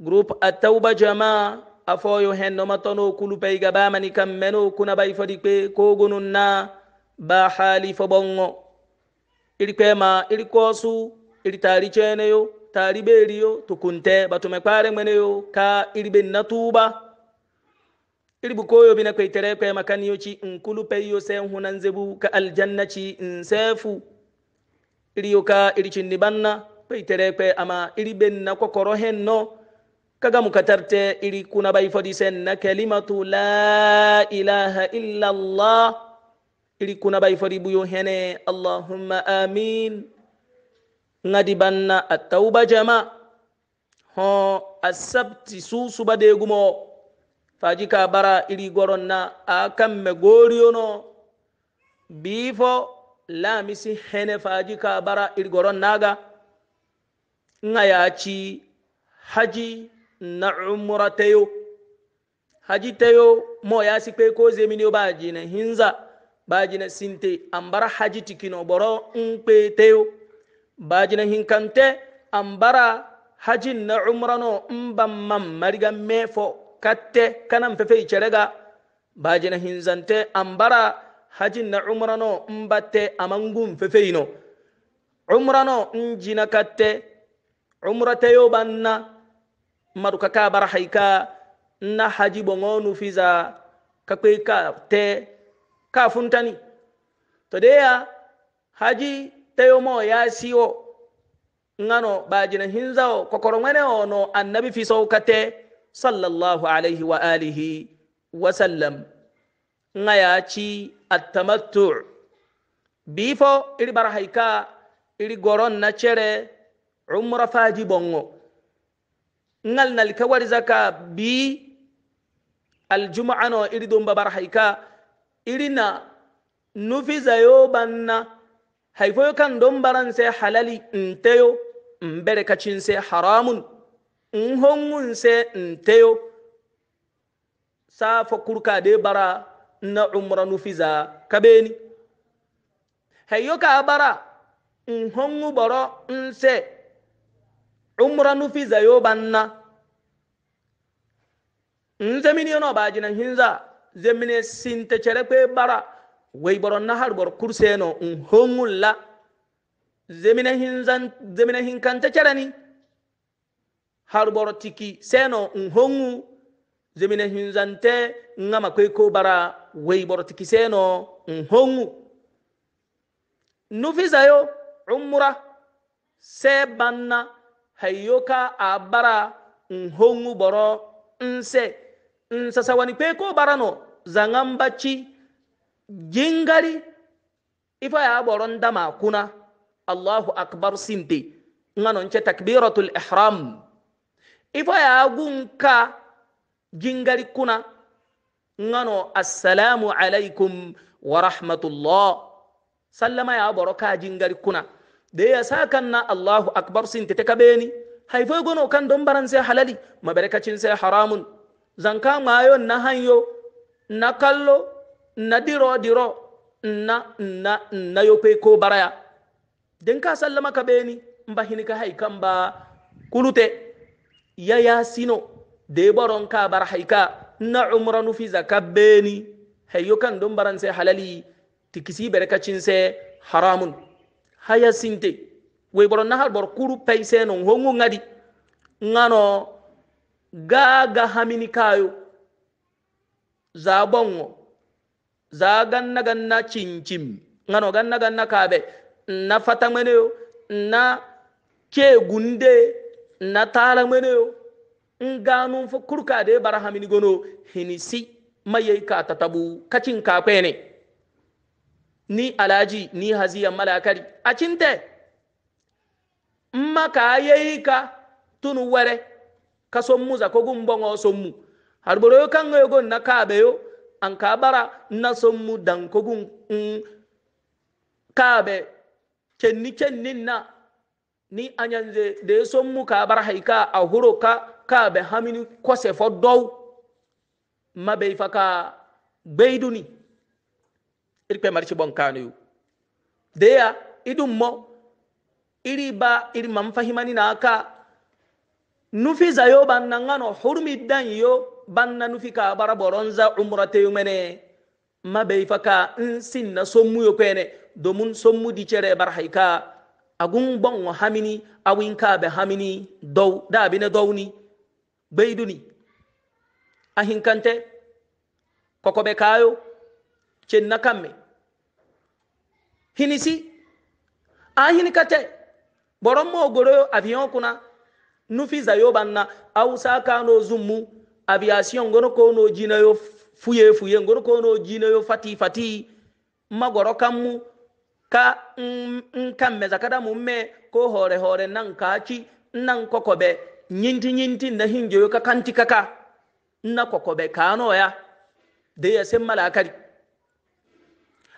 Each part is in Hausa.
groupe atauba jamaa afoyo henno matono kulu peyga bamani kammeno kuna bay fodi kpe kogonun na ba hali fo bongo iri ma iri kosu iri tari ceneyo tari beriyo tukunte mekware mwene yo, ka iri ben natuba iri bukoyo bina kwe tere kwema kaniyo ci nkulu peyo sen hunan zebu ka aljanna ci nsefu iri yo ka iri cinni banna kwe tere kwe ama iri ben na kokoro henno kaga mukatarte iri kuna bai fodi sen na kalimatu la ilaha illa allah iri kuna bai fodi buyo hene allahumma amin ngadi banna attauba jama ho asabti su suba de gumo fajika bara iri goron na akan me goriyono bifo misi hene fajika bara iri goron naga ngayachi haji na umra tayo haji tayo mo ya si pe ko zemini ba jina hinza ba sinte haji tikino boro n pe tayo ba jina hinkante ambara haji na no ban man mariga mefo katte kanan fefe ba hinzante na no batte fefe ino no katte banna madu ka bar haika na haji bongonu fiza ka kai ka te ka funtani to haji tayo mo ya siwo ngano bajina hinzawo kokoro ngane ono annabi fi saukate sallallahu alaihi wa alihi wa sallam ngaya ci attamattu bifo iri bara haika iri goron na cere umra faji bongo ngal nal ka wari zaka bi aljuma'a no iri don babar haika iri na nufi zayo banna haifo kan don baran sai halali in mberekacin sai haramun in hongun sai tayo safa kurka de bara na umra nufi za kabeni hayyo ka bara in hongu baro in umra nufiza yo banna nzemini ba bajina hinza zemine sinte cere kwe bara wey boro nahar boro kurseno nhongulla zemine hinzan zemine hinkante cereni har boro tiki seno nhongu zemine hinzante ngama kwe ko bara Wai boro tiki seno nhongu nufiza yo umra sai banna hayyo a bara in hongu boro in se in wani ko bara no zangan bacci ifa ya boron dama kuna allahu akbar sinte nganonce takbiratul ihram ifa ya gunka jingali kuna ngano assalamu alaikum wa rahmatullah sallama ya boro ka jingali kuna deya sakanna allahu acbar sintete kaɓeni hay foy gono kan don baranse halali maɓere kacin se haramun zanka mayo na hanyo na kallo na diro diro na na na yo pe ko baraya den ka sallama ka beni mba hini ka hay kamba kulute ya ya sino de boron ka bar hay ka na umra nu fi zakabeni hay yo kan don baran se halali ti kisi bere ka cin se haramun haya sinte woyboro nahal bor kuru pay seno hongu ngadi ngano gaga hamini kayo za bongo za ganna ganna cincim ngano ganna ganna kabe na fata meneo na ke gunde na tala meneo nganu fo kurka de bara hamini gono hinisi maye ka tatabu kacin ka kwene ni alaji ni haziyan malakari a cinte mma ka yayi ka tunu were ka sommu za ko gumbon o sommu har boro kan go na ka yo an ka bara na mu dan ko gun mm, ka be kenni na ni anyanze da ya mu ka bar haika a huro ka ka be hamini kwase fo dow mabe faka ni. irkwe marci bon kanu yu deya idun mo iri ba iri man fahimani na aka nufi zayo ban nan ngano hurmi dan yo ban na nufi ka bara boronza umrata yu mene bai faka in sin na sommu yo kwene domin sommu di cere bar haika agun bon hamini awin ka be hamini dow da bi ne downi kante, koko kokobe kayo kyenna kamme hinisi a hinikate boron mogoroyo avion kuna nufiza yo banna awusa kano zummu aviation ngono kono jinayo fuye fuye ngono kono jinayo fati fati magoro kammu ka mm, nkammeza mm, kada mumme ko hore hore nan kaci nan kokobe nyinti nyinti na hinjoyo ka kanti kaka na kokobe ya de ya sen malakari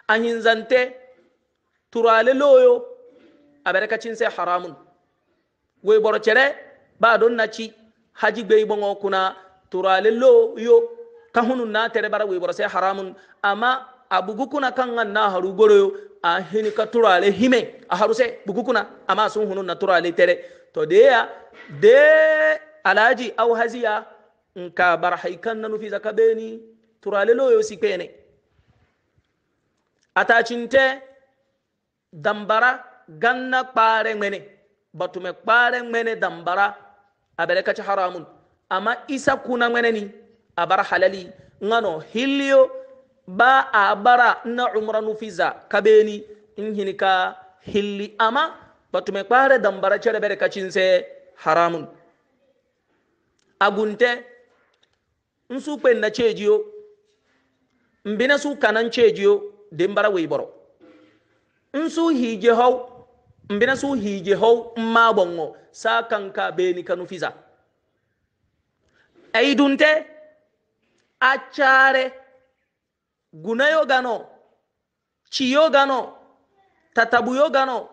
ahinzante turale loyo abarakacin sai haramun wai borcere ba don na ci haji bai o kuna turale loyo ta hunun na tere bara wai borcere haramun amma a bugukuna kan nan na haru yo a hinika turale hime a haru sai bugukuna amma sun hunun na turale tere to da ya de alaji au haziya in ka bar haikan na nufi zaka beni turale loyo si pene ata cinte dambara ganna kpare ŋmene batume kpare ŋmene dambara abere kaci haramun amma isa kuna ŋmene ni abara halali ngano hiliyo ba a bara na umra nufiza kabeni in hini ka hilli amma batume kpare dambara cere bere kacinse haramun agunte nsu kpen na cejiyo mbina su kanan cejiyo mbara wee boro nsu hije hau mbina su hije hau mma bongo sa kanka beni kanu fiza ay dunte accare yo gano ciyo gano yo gano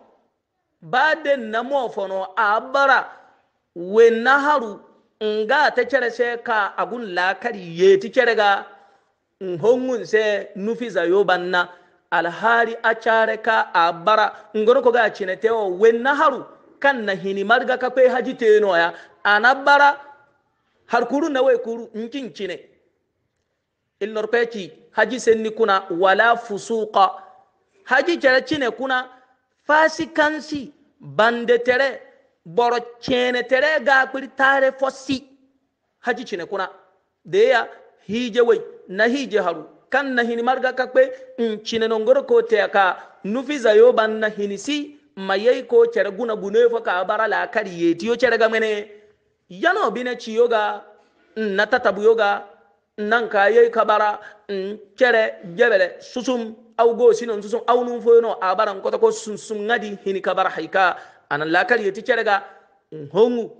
na namo fono abara we naharu nga ta cere ka agun kari ye ti ga hongun se nufi zayo banna alhari a care ka a bara ngoro ko ga cine tewo wen na haru kan na hini marga ka kwe haji teno ya ana bara har kuru na wai kuru nkin cine illor peci haji senni kuna wala fusuqa haji cere cine kuna fasikansi bande tere boro cene tere ga tare fosi haji cine kuna deya hije wai na hije haru kan na hini marga kakpe nchine nongoro kote nufi za yoban na hinisi mayai ko chere guna gune ka abara la kari yetiyo cere ga mene yano bine chi yoga na tatabu yoga nan ka yai ka bara cere jebele susum au go sino susum au nufo yono abara a ko ko susum ngadi hini ka bara haika anan la kari yeti chere ga hongu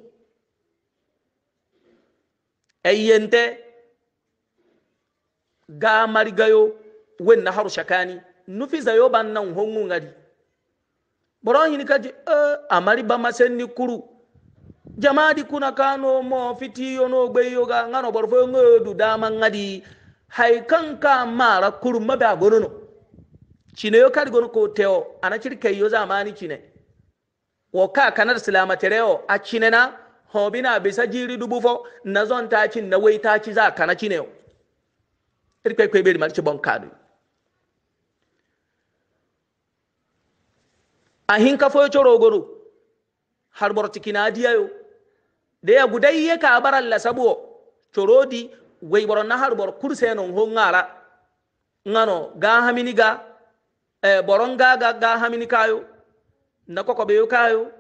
eyente ga marigayo wen na haru shakani nufi za yoba nan hongu ngari boron hini kaji uh, amari ba masen ni kuru jamadi kuna kano mo fiti no gbeyo ga ngano yongo yodu dama ngadi hay ka mara kuru mabe agonono chine yo kadi gono ko teo anachiri kayo zamani chine wo kanar silama tereo a cine na hobina bisa jiri dubufo na zon ta na wai ta ci za kana eɗi kway koye ɓeyɗi ma ɗice bon kaaduy a hinka foyo corogoru har ɓorti kinadiyayo de ya gudayye ka ɓaral la sabu o corodi wey ɓoro na har ɓoro kurseenon ho ngara ngano ga hamini ga e, ɓoron eh, gaga ga hamini kayo na kokoɓeyo kayo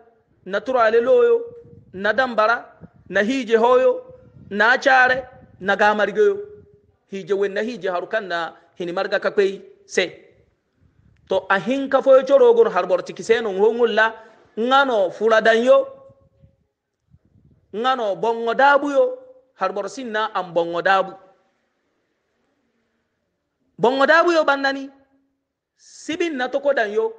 na turale loyo na dambara na hiije hoyo na care na gamarigoyo hije wenna hije harukanna hini marga kakpey se to ahin kafoyo corogon harborti kiseno hongulla ngano fuladanyo ngano bongo dabuyo harbor sinna an bongo dabu bongo dabuyo bannani sibin na tokodanyo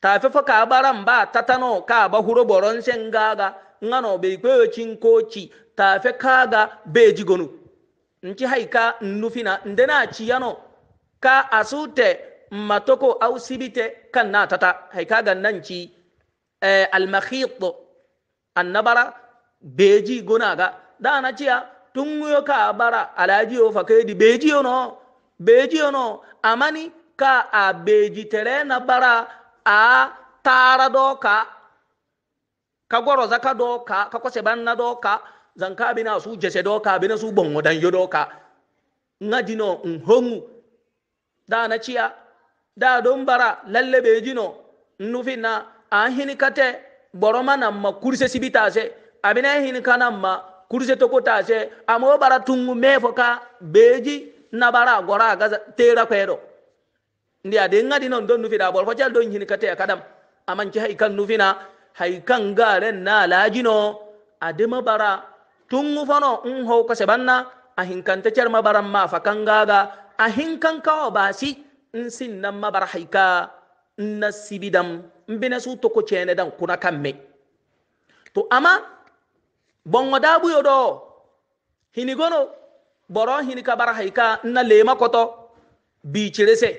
tafe fo ka baran ba tatano ka ba huro boron sengaga ngano be kpeyo cinkoci tafe kaga be jigonu nci haika nnufina ndena ciyano ka asute matoko au sibite kan na tata haika ga nan ci eh, almakhit annabara beji gona ga da na ciya tun ka bara alaji yo fakai di beji yo no beji yo no amani ka a beji tere na bara a tara doka ka goro zaka doka ka kwase banna ka. zanka bina su jese doka bina su bon dan yo doka nga dino nhongu da na ciya da don bara lalle be jino na a hini kate boroma na ma kurse sibita se abina hini kana ma kurse to kota se amo bara tungu mefo ka beji na bara gora ga tera kwedo ndi ade nga dino don nufi da borfo jal don hini kate kadam amanci haikan nufi na haikan garen na lajino adema bara tungu fono un ho ka sebanna ahin kanta charma baran ma gaga a hinkan kawo ba basi in sin nan mabar haika in na sibidam in bi na su toko cene dan kuna kan me to amma bongo dabu buyo do hini hinigono boro ka bar haika in na lema koto bi cire se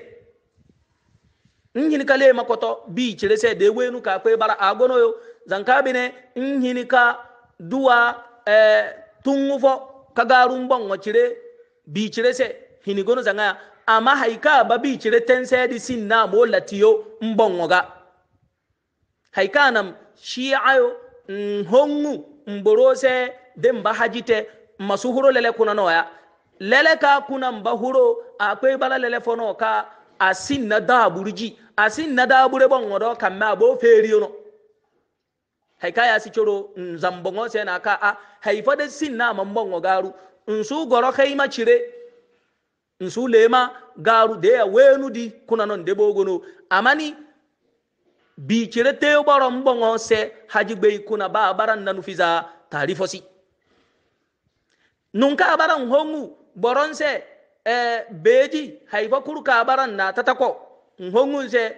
in hini ka lema koto bi cire se de wenu ka kwe bara agono yo zanka bine hini ka duwa tun eh, tungu fo kagarun bon wacire bi cire se hini gono zanga amma haika ba bi cire tense di sin na mo latiyo mbon waga haika nam shi ayo hongu mborose den ba hajite masu lele kuna noya lele ka kuna mba huro akwai bala lele fono ka asin na daburji asin na dabure bon wodo kamme abo feriyo no hay kaya si coro nzambongo se na ka a hay fada sin na mambongo garu nsu goro kai ma cire nsu lema garu de ya wenu di kuna non de bogono amani bi cire te boro mbongo se haji be kuna ba baran nanu fiza tarifosi nunka baran hongu boron se eh, beji hay fa baran na tatako hongu se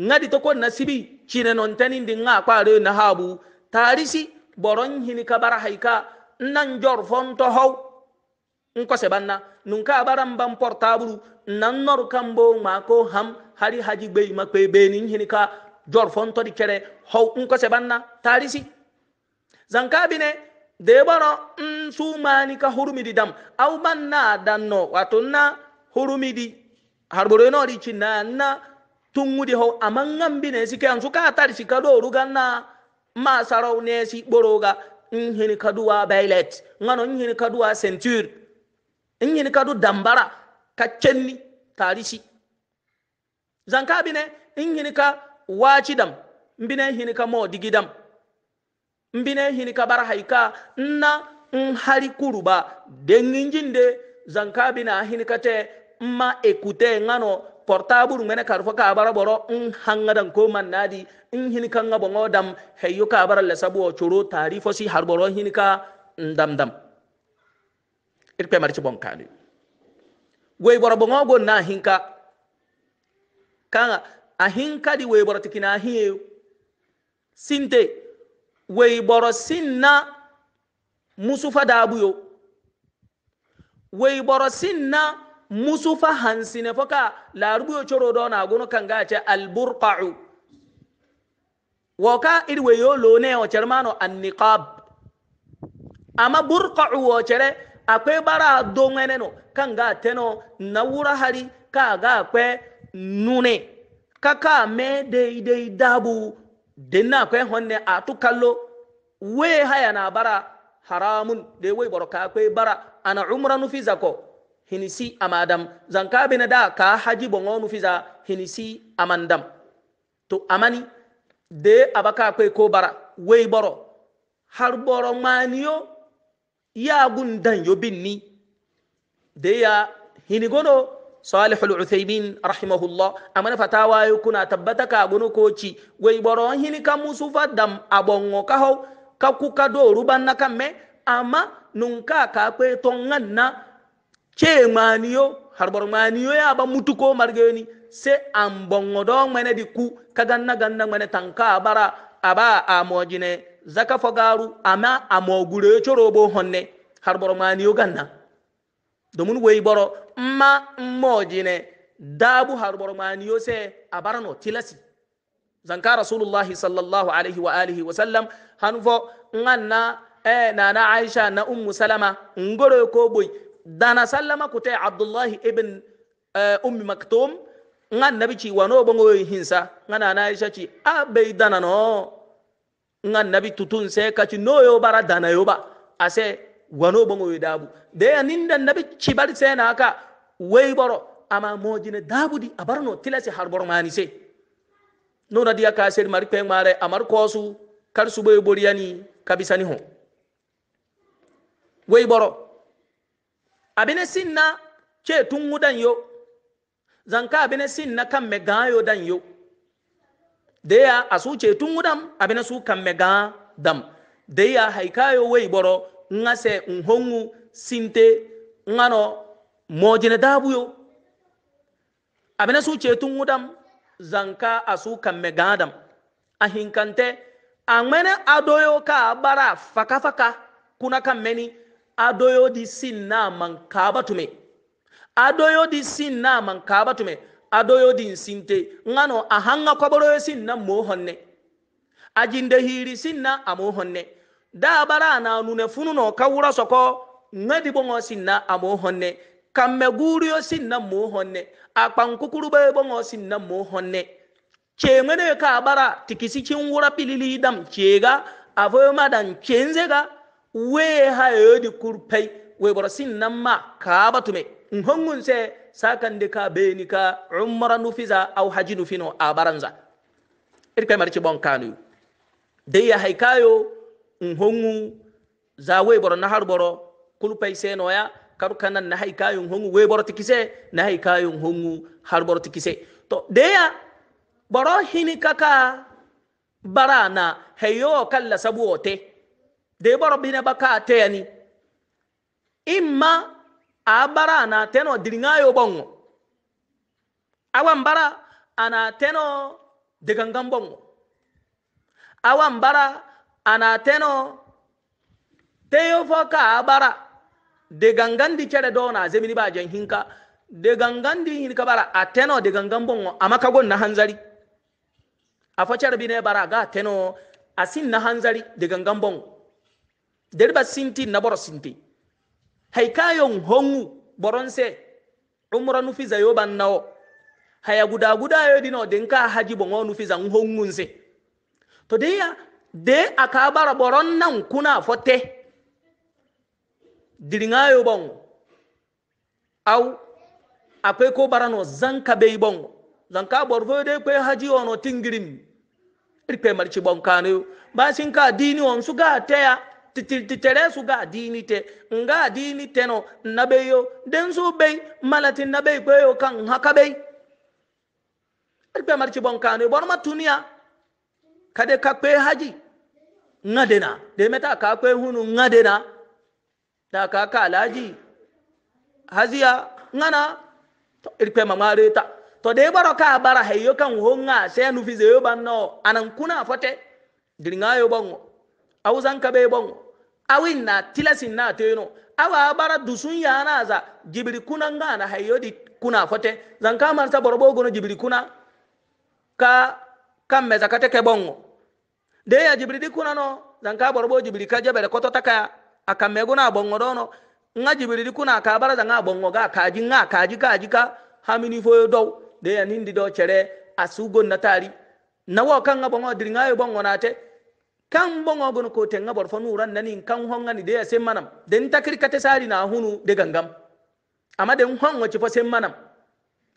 ngadi to ko nasibi chine non tanin din nga kware na habu tarisi boron hini bar haika nan jor fonto haw nko sebanna nun ka baran ban portaburu nan nor kambo ma ko ham hari haji be ma pe be nin hini ka jor fonto di kere haw nko sebanna tarisi zankabine de boro nsu mani ka hurumidi dam aw banna danno wato na hurumidi harboro no di chinna na hau tungudi ho amangambi nesi kansu ka tari si kado ruganna ma sarau nesi boroga nhini kaduwa bailet ngano nhini kaduwa centure nhini kadu dambara ka cenni tarisi zanka bine nhini ka wachi dam mbine nhini ka modigi dam mbine nhini ka bara haika nna nhari kuruba denginjinde zanka bina nhini te ma ekute ngano porta buru mene karfo ka bara boro in hangadan ko mannadi in hinka nga bongo dam heyo ka bara la sabo choro tarifo si har boro hinka ndam mm, dam irpe marci bonkani wey boro bongo go na hinka kanga a hinka di wey boro tikina hiye sinte wey boro sinna musufa dabuyo wey boro sinna musu fa hansine foka larubu do na gono kanga ce alburqa'u woka irwe yo lone o cermano anniqab amma burqa'u o cere akwai bara do no kanga teno na wura hari ka ga kwe nune kaka me daidai dabu dinna akwai honne a tukallo we haya na bara haramun de wai barka akwai bara ana umra nufi zako hinisi amadam zanka bina da ka haji bongonu fiza hinisi amandam to amani de abaka akwai ko bara wai boro har boro maniyo ya gundan yo binni de ya hinigono salihul uthaymin rahimahullah amana fatawa kuna tabbata ka gunu koci wai boro hini kan musu faddam hau kaho kakuka do ruban na kan me amma nunka ka kwe na ke maniyo harbor maniyo ya ba mutu ko margeni se an bongo do ngene di ku kaganna ganna ngene tanka bara a amojine zaka fogaru ama amogure chorobo honne harbor maniyo ganna domin wey boro mma mmojine dabu harbor maniyo se abarano tilasi zanka rasulullahi sallallahu alaihi wa alihi wa sallam hanfo nganna eh nana aisha na ummu salama ngoro ko boy dana sallama ta abdullahi ibn eh, ummi maktum nga nabi ci wano bongo hinsa nga na isha ci abai ah, dana no nga nabi tutun ka ci n'o y'o bara dana yo ba ase wano bongo dabu de ya ninda nabi ci bari se na aka wai boro ama mojine dabu di abarno tilasi harbor mani n'o na diya ka sai mari pe mare amar kosu kar su boy boriani kabisani ho wai boro abine sinna ke tungu dan yo zanka abine sinna kan me y'o dan yo deya a su ce tun wudan abine su kan me ga dam deya haikayo wei boro nga se nhongu sinte ngano mojine dabu yo abine su ce tungu wudan zanka asu su kan me ga dam a amene a adoyo ka bara faka faka kuna kan meni adoyo adoyo di di sin sin na man kaba tume adoyodi sinna mankabatume adoyodi sinna mankabatume adoyodi sinte ngano ahanga koboroyo sinna mohonne ajinde hiri sinna amohonne da bara na nune funu no kawura soko ngadi bongo sinna amohonne kamme guriyo sinna mohonne akpankukuru be bongo sinna mohonne chemene ka bara tikisi chinwura pilili dam cega avoyo madan chenzega we ha yodi kurpai we borosin namma ka batume hongun se sakande ka ni ka umra nufiza au haji nufino a baranza irkai marci bon kanu dai ya haikayo hongu za we boro na har boro kulpai se noya karu kanan na haikayun hongu we boro tikise na haikayun hongu har boro tikise to deya boro hini kaka barana, na heyo kalla sabu ote de boro ne baka ateyani imma a bara na teno yo bongo awan bara ana teno degangan bongo awan bara ana teno teyo foka ka a gangan di chere do na zemini ba jan hinka de gangandi hinka bara a teno de gangan bongo amaka kagon na hanzari a fa cere ne bara ga teno asin na hanzari de gangan bongo deriba sinti na boro sinti haikayon hongu boronse umra nufiza yoban nao haya guda guda yodi no denka haji bongo nufiza hongunse to de ya de akabara boron nan kuna fote diringayo bongo au akwai ko barano zanka bai bongo zanka borfo de kwe haji ono tingirim irpe marci bonkano basin ka dini on su ga taya titere su ga dini te nga dini teno nabe yo den su be malati nabe ko yo kan haka be alpe marci bon kanu bon matuniya kade ka kwe haji ngadena de meta ka kwe hunu ngadena da ka ka alaji haziya ngana to irpe mamare ta to de baro ka bara heyo kan ho nga se nu fize yo banno anan kuna fote diringa yo bongo awusan kabe bon awin na tilasin na teno awa bara dusun yana za jibiri kuna ngana hayodi kuna fote zanka marsa borbo gono jibiri kuna ka kamme zakate ke bongo de ya jibiri di kuna no zanka borbo jibiri ka jabere koto taka akamme gona bongo dono nga jibiri di kuna ka bara zanga bongo ga kaji nga kaji kaji ka hamini foyo dow de ya nindi do chere asugo natari nawo kan nga bongo diringa yo bongo nate kan bongo gono ko tenga bor fonu ran nani kan honga ni de ya sem manam den takri kate sari na hunu de gangam amma den hongo ci fo sem manam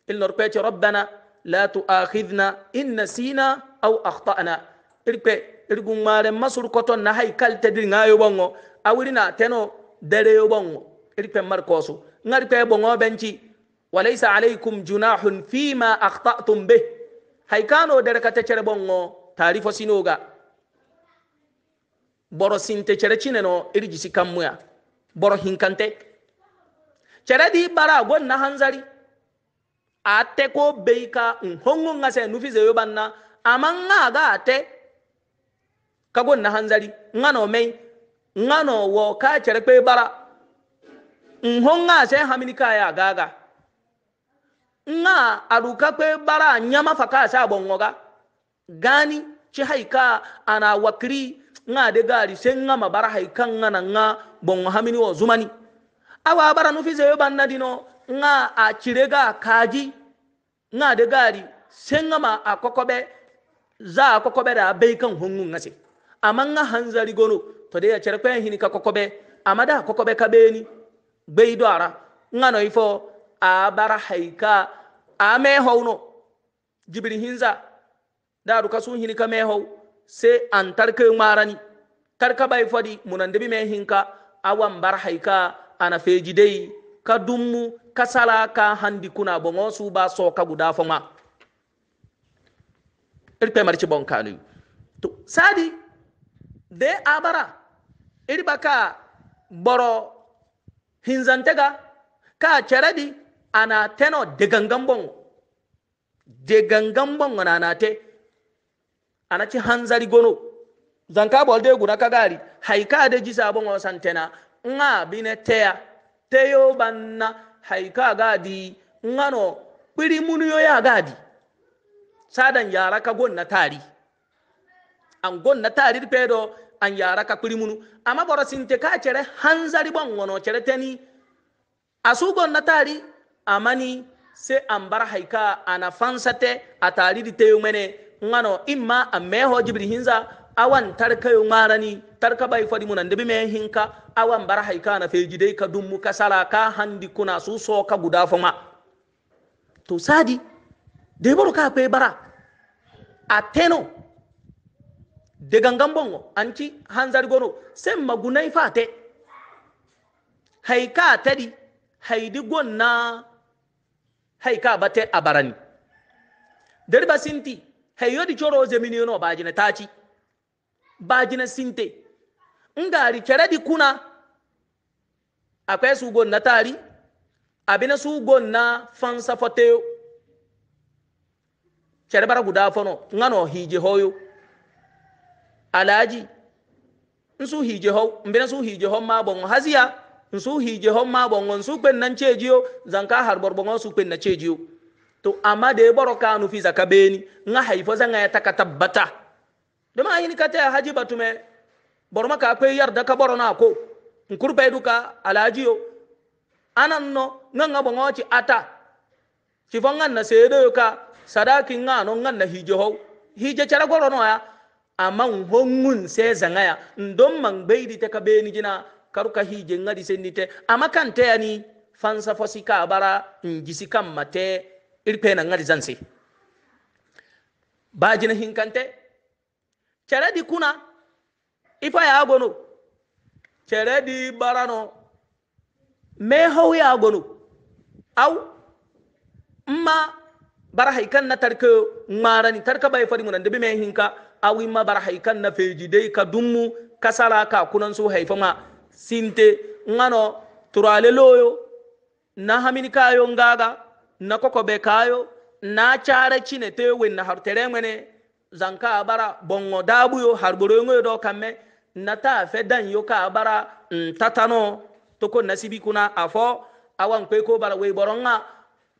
il nor pe ci rabbana la tuakhidna in nasina aw akhtana irpe irgun mare masur koton na hay kalte dir ngayo bongo awrina teno dere yo bongo irpe mar koso ngar pe bongo benci walaysa alaykum junahun fima akhtatum bih hay kano dere kate cere bongo tarifo sinoga boro sinte chere chine no irigisi ya. boro hinkante chere di bara go na hanzari ate ko beika nhongo ngase nufize yobanna amanga ga ate kago na hanzari ngano mei ngano wo ka chere pe bara nhonga se haminika ya gaga nga aruka pe bara nyama fakasa sa bongoga gani chihaika haika ana wakri nga de gari sen nga mabara hay kan nga na nga bon hamini wo zumani awa bara nu fize yo banna dino nga a cirega kaji nga de gari sen nga ma akokobe za akokobe da bai kan hungun ngase amma hanzari gono to de ya cere hini ka kokobe amada kokobe ka beni gbei do ara nga no ifo a bara haika a me hawno hinza da ruka sun hini ka me se an tarke marani tarka bai fadi munandibi me hinka awan bar haika ana feji dai ka dummu ka sala ka handi kuna bongo su ba so ka guda fama irpe marci bon kanu to sadi de abara ka boro hinzantega ka charadi ana teno de gangan de gangan bongo na na te ana anachi hanzari gono zan ka zanka bolde guna kagari haika de sabon bongo santena nga bine teya teyo banna haika gadi ngano kwiri munu yo ya gadi sadan yara ka gonna tari an gonna tari pedo an yara ka kwiri munu amma boro sinte ka chere hanzari bongo no chere teni asu gonna tari amani sai an bar haika ana fansate a tari di teyo mene ngano imma amme ho jibri hinza awan tarka yo marani tarka bai fadi munan debi me hinka awan bar haika na feji dai ka dum ka sala ka handi kuna su so ka guda fama to sadi de baro ka pe bara a de gangan bongo anti hanzar goro sem magunai fate haika tadi haidi gonna haika bate abarani derba sinti heyodi choro zemini no bajine tachi bajine sinte ngari ceredi kuna akwai su na tari abina su go na fansa foteo cere bara guda fono ngano hije hoyo alaji nsu hije ho mbina su hije ho ma bon haziya nsu hije ho ma bon nsu kwen nan cejiyo zanka har borbon su kwen na cejiyo to amma da ya baro ka fi zaka beni nga haifo zanga ya taka tabbata da ma yini kata haji batume boro maka akwai yarda ka boro na ko nkurpe duka alajiyo anan no nga nga bongo ci ata ci fonga na sedo ka sadaki nga no nga na hijo ho hije cara goro no ya amma hongun se zanga ya ndon man beidi taka beni jina karuka hije ngadi senite amma kan ya ni fansa fosika bara njisi kam mate irpena ngari zanse na hinkante cere di kuna ifa ya gono cere di barano me hau ya gono au ma bara haikan na tarka marani tarka bai fari munan dabi mai hinka au ma bara haikan na feji dai ka dummu kasara ka kunan su haifa ma sinte ngano turale loyo na hamini kayo ngaga na koko be kayo na cara cine te wenna na hartere mene zanka abara bongo dabu yo har ngo do kame na ta fe dan yo ka abara tatano to ko nasibi kuna afo awan kwe ko bara we boronga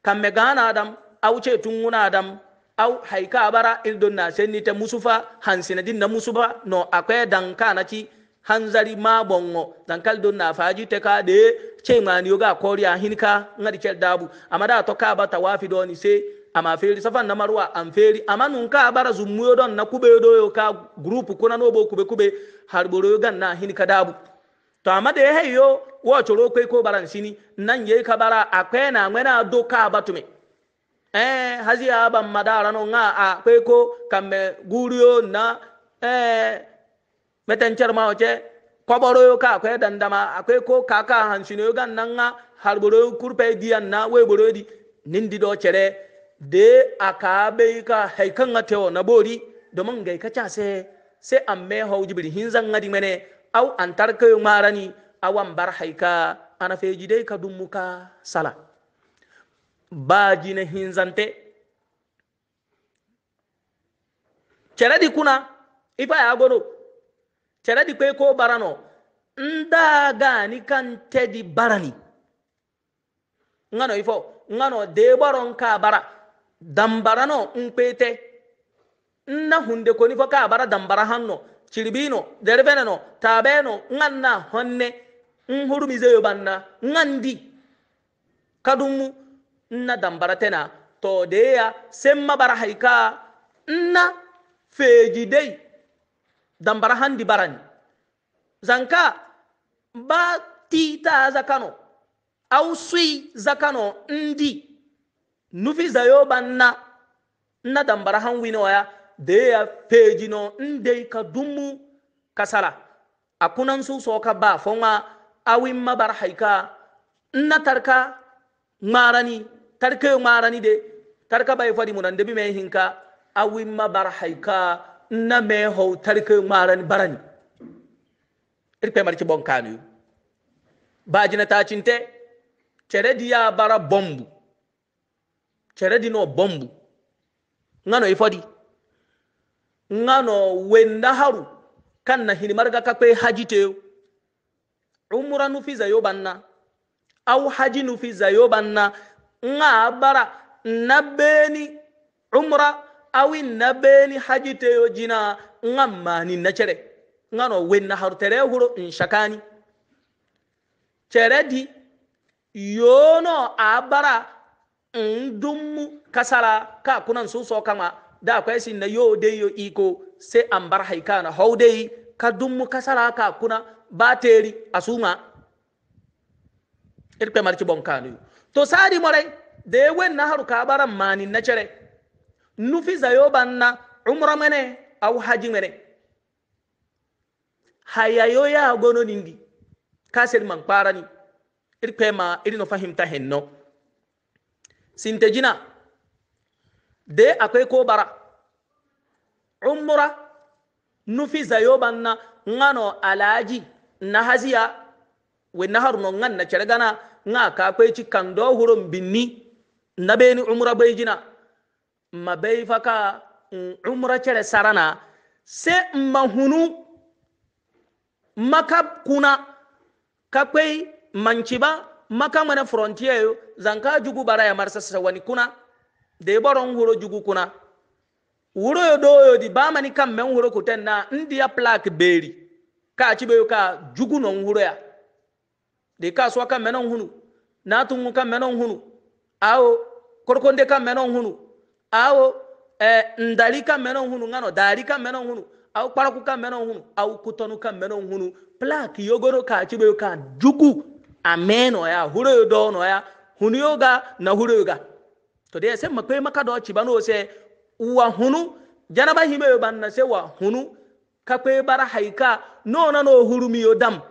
kame gana adam au ce tunguna adam au haika abara ildon na senni musufa hansina din na musufa no akwe dan kana ci hanzari ma bongo kal don na faji te ka de che mani yoga koriya hinka ngadi kel dabu amada to ka bata wafi ni se ama feri safan na marwa am feri ama nun ka bara zummuyo don na kube do yo ka group kuna no bo kube kube har boro yoga na hinka dabu to ama he yo wo choro kwe ko baran sini nan ye ka bara akwe na ngwe na do ka batume eh hazi aba madara no nga a kwe ko kamme guriyo na eh meten cermao ce koɓoroyo ka akwe dandama akwe ko kaka hansinoyo gan nanga harɓoroyo kurpe diyan na weɓoroyo di nindi do cere de aka ɓey ka haykanga tewo naɓori domon gay ka case se amme hau jibri hinzanga di mene au antarkayo marani awan bar hayka anafeji dai ka dummuka sala bajine hinzante cere di kuna ifa yagoro ceradi kwe ko barano nda gani kan tedi barani ngano ifo ngano de baron ka bara danbara dambarano nkwete nna hunde koni fo ka bara danbara dambara hanno cirbino derveneno tabeno nganna honne nhurumizeyo banna ngandi kadummu nna dambara tena to deya semma bara hayka nna feejidey dambara handi barani zanka ba tita zakano au sui zakano ndi nufi za banna na dambara han ya de ya fejino nde ka dumu kasala akuna nsu soka ba fonga awi mabar haika na tarka marani tarka marani de tarka bai fadi munande bi mai hinka awin mabar haika na me ho tarke maran barani irpe marki bon kanu na ta cinte cere di ya bara bombu cere di no bombu ngano ifodi ngano wenda haru kan na hinimarga kakpe haji te. umura nufi zayo banna au haji nufi zayo banna nga bara na beni umra awin na beni haji teyo jina ngam mani na ngano wen na har tere huro in shakani di yono abara ndumu kasara ka kunan su so kama da akwai sin na yo yo iko sai an bar haika na ka dummu kasara ka kuna bateri asuma irpe marci bonkanu to sari morai de we na haruka baran mani na cere nufisa yo banna umra mene au haji mene hayayo ya gono nindi kasir man parani irpe ma iri no fahimta henno sintejina de akwai ko bara umra nufisa yo banna ngano alaji na haziya we nahar no ngan na cergana nga ka kwai ci kan do binni na beni umra bayjina fa ka umra cere sarana se mahunu maka kuna ka kakwai manciba maka mana frontier yo zanka jugu bara ya marisa sa wani kuna da boron huro jugu kuna wuro yo doyo di ba mani kan men huro kuten na india plak beeri ka a ci be ka jugu non huro ya de ka so kan menon hunu ka tun kan menon hunu awo korkonde kan menon hunu awo eh, ndali kan mɛnɛw hunu ŋanɔ daari kan mɛnɛw hunu aw kparaku kan mɛnɛw hunu kutɔnu hunu plaki yogoro ka cibe ka juku a mɛnɔya huroyo dɔɔnɔya huniyo ga na huroyo ga to de se makpe maka dɔ ciba n'o se wa hunu janaba hime yo banna se wa hunu ka kpe bara haika n'o na n'o huru mi yo dam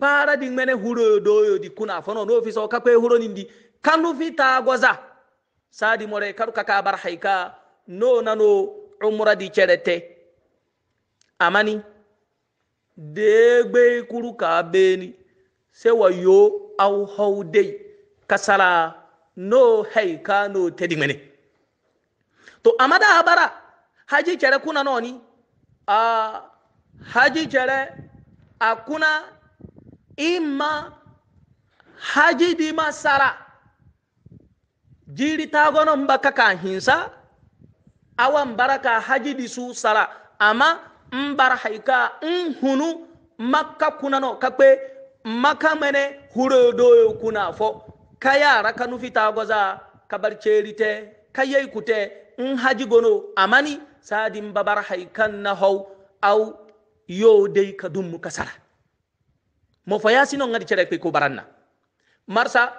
para di ŋmɛnɛ huroyo dɔɔyo di kuna fɔnɔ n'o fi sɔn ka kpe huro di kanu fi taa gɔza sadi more karuka ka bar haika no nano umra di cerete amani degbe kuru ka beni se wayo au haude kasala no haika no tedigmene to amada abara haji cere kuna ni a haji cere akuna imma haji di masara jiri tagonon baka ka hinsa awan baraka haji su sara amma in bar haika in hunu makka kunano kakpe maka mene huro doyo kuna fo ka yara ka nufi tagoza ka bar cerite ka yaikute in haji gono amani sadin babar haikan na hau au yo dai ka dun muka sara mo fa yasino ngadi cere ko baranna marsa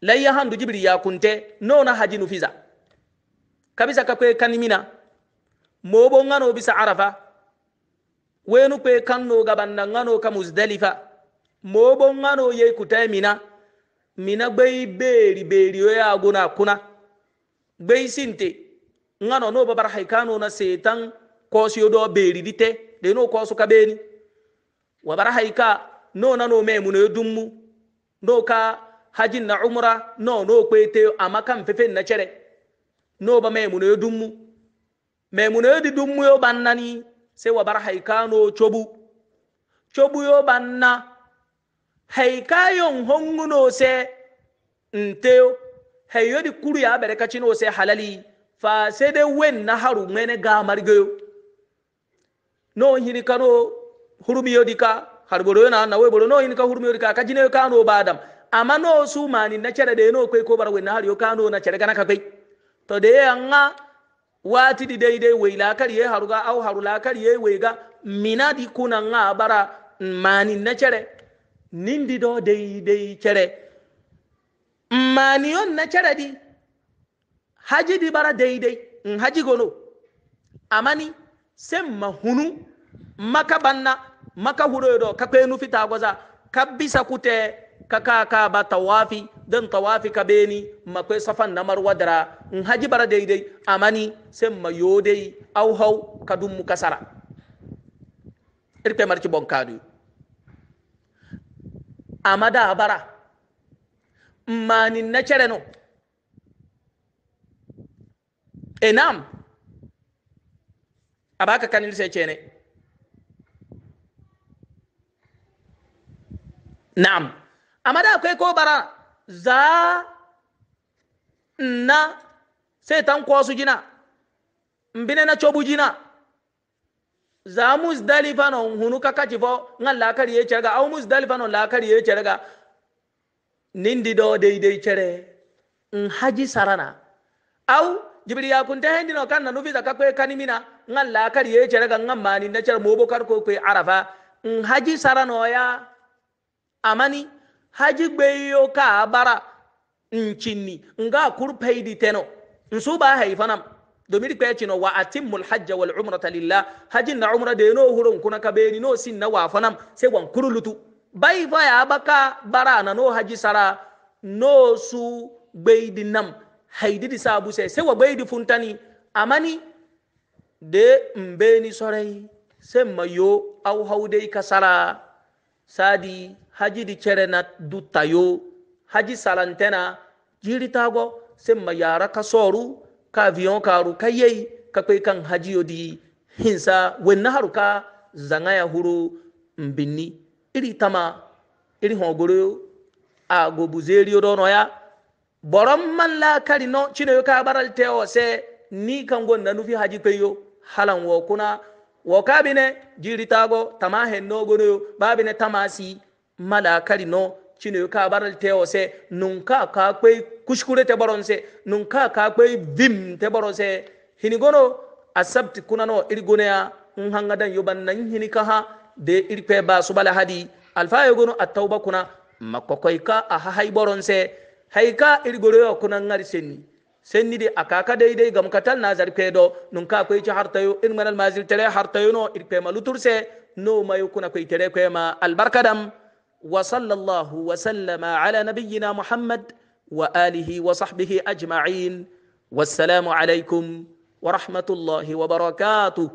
layya handu jibiri ya kunte nona haji nufiza kabisa kakwe kanimina mobo ngano bisa arafa wenu kwe kanno gabanna ngano ka muzdalifa mobo ngano ye kutai mina mina gbei beri beri yo ya guna kuna gbei sinte ngano no babar haikano na setan kosu do beri dite de no kosu ka beni wabar haika no na no memu no ka hajin na umura no no kwete amma kan fefe na cere no ba mai munoyo dummu mai munoyo di dummu yo bannani sai wa bar haikano chobu chobu yo banna haikayon honguno se nteo hayo di kuru ya bere kachino se halali fa sai dai wen na haru mene ga margeyo no hini kano hurumiyo dika harboro na na we boro no hini ka hurumiyo dika jine ka kajine kano badam ama no sumani nacere de no koy ko bar wenna har yo kano na cere gana kafe to de yanga wati di dai dai weila kar ye haruga au harula kar ye weiga minadi kuna nga bara mani nacere nindi do dai dai cere mani on nacere di haji di bara dai dai in haji gono amani sem mahunu maka banna maka huro do kapenu fitagoza kabisa kute kaka ka ba tawafi dan tawafi ka beni makwai safan na marwa dara in haji bara daidai amani sai mayo dai au hau ka dun mu kasara irpe marci bon kadu amada bara mani na cere no enam abaka kanil sai cene na'am amma da akwai ko bara za na sai tan kwasu jina mbine na cobu jina za musdalifa no hunu kaka cifo ngan lakari ye cerga au musdalifa no lakari ye cerga nindi do daidai cere in haji sarana au jibiri ya kunta hendi no kan na nufi zaka kwe kanimina ngan lakari ye cerga ngan mani na cer mobo kar ko kwe arafa in haji sarano ya amani haji gbeyo ka bara ncinni nga di teno nsuba haifanam domin kwe cino wa atimmul hajja wal umrata lillah hajin na umra da no huron kuna ka beni no sin na wafanam sai wan kurulutu bai fa ya baka bara na no haji sara no su gbeidi nam haidi di sabu sai sai wa gbeidi funtani amani de mbeni sorai sai mayo au haudai kasara sadi haji di cere na du tayo haji salantena jiri tago sai ma yara ka soru ka avion ru ka yei ka kwe kan haji yodi hinsa wenna haruka zanga ya huru mbini iri tama iri hongoro a gobuzeri yodono ya boron man la kari no chine ka baral teo se ni kan nanu nufi haji peyo halan wo kuna wo kabine jiri tago tama hen no gono babine tamasi malakari no chino ka baral teo se nunka ka kwe kushkure te baron se nunka ka kwe vim te baron se hinigono asabti kunano gune ya nhangadan yoban na hini kaha de kwe ba subala hadi alfa gono attauba kuna makokoi ka aha hay baron se haika irgore yo kuna ngari senni senni de akaka dai gam katal na zarpe do nunka kwe ci hartayo irmanal mazil tere hartayo no kwe malutur se no mayu kuna kwe tere kwe ma albarkadam وصلى الله وسلم على نبينا محمد واله وصحبه اجمعين والسلام عليكم ورحمه الله وبركاته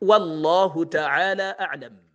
والله تعالى اعلم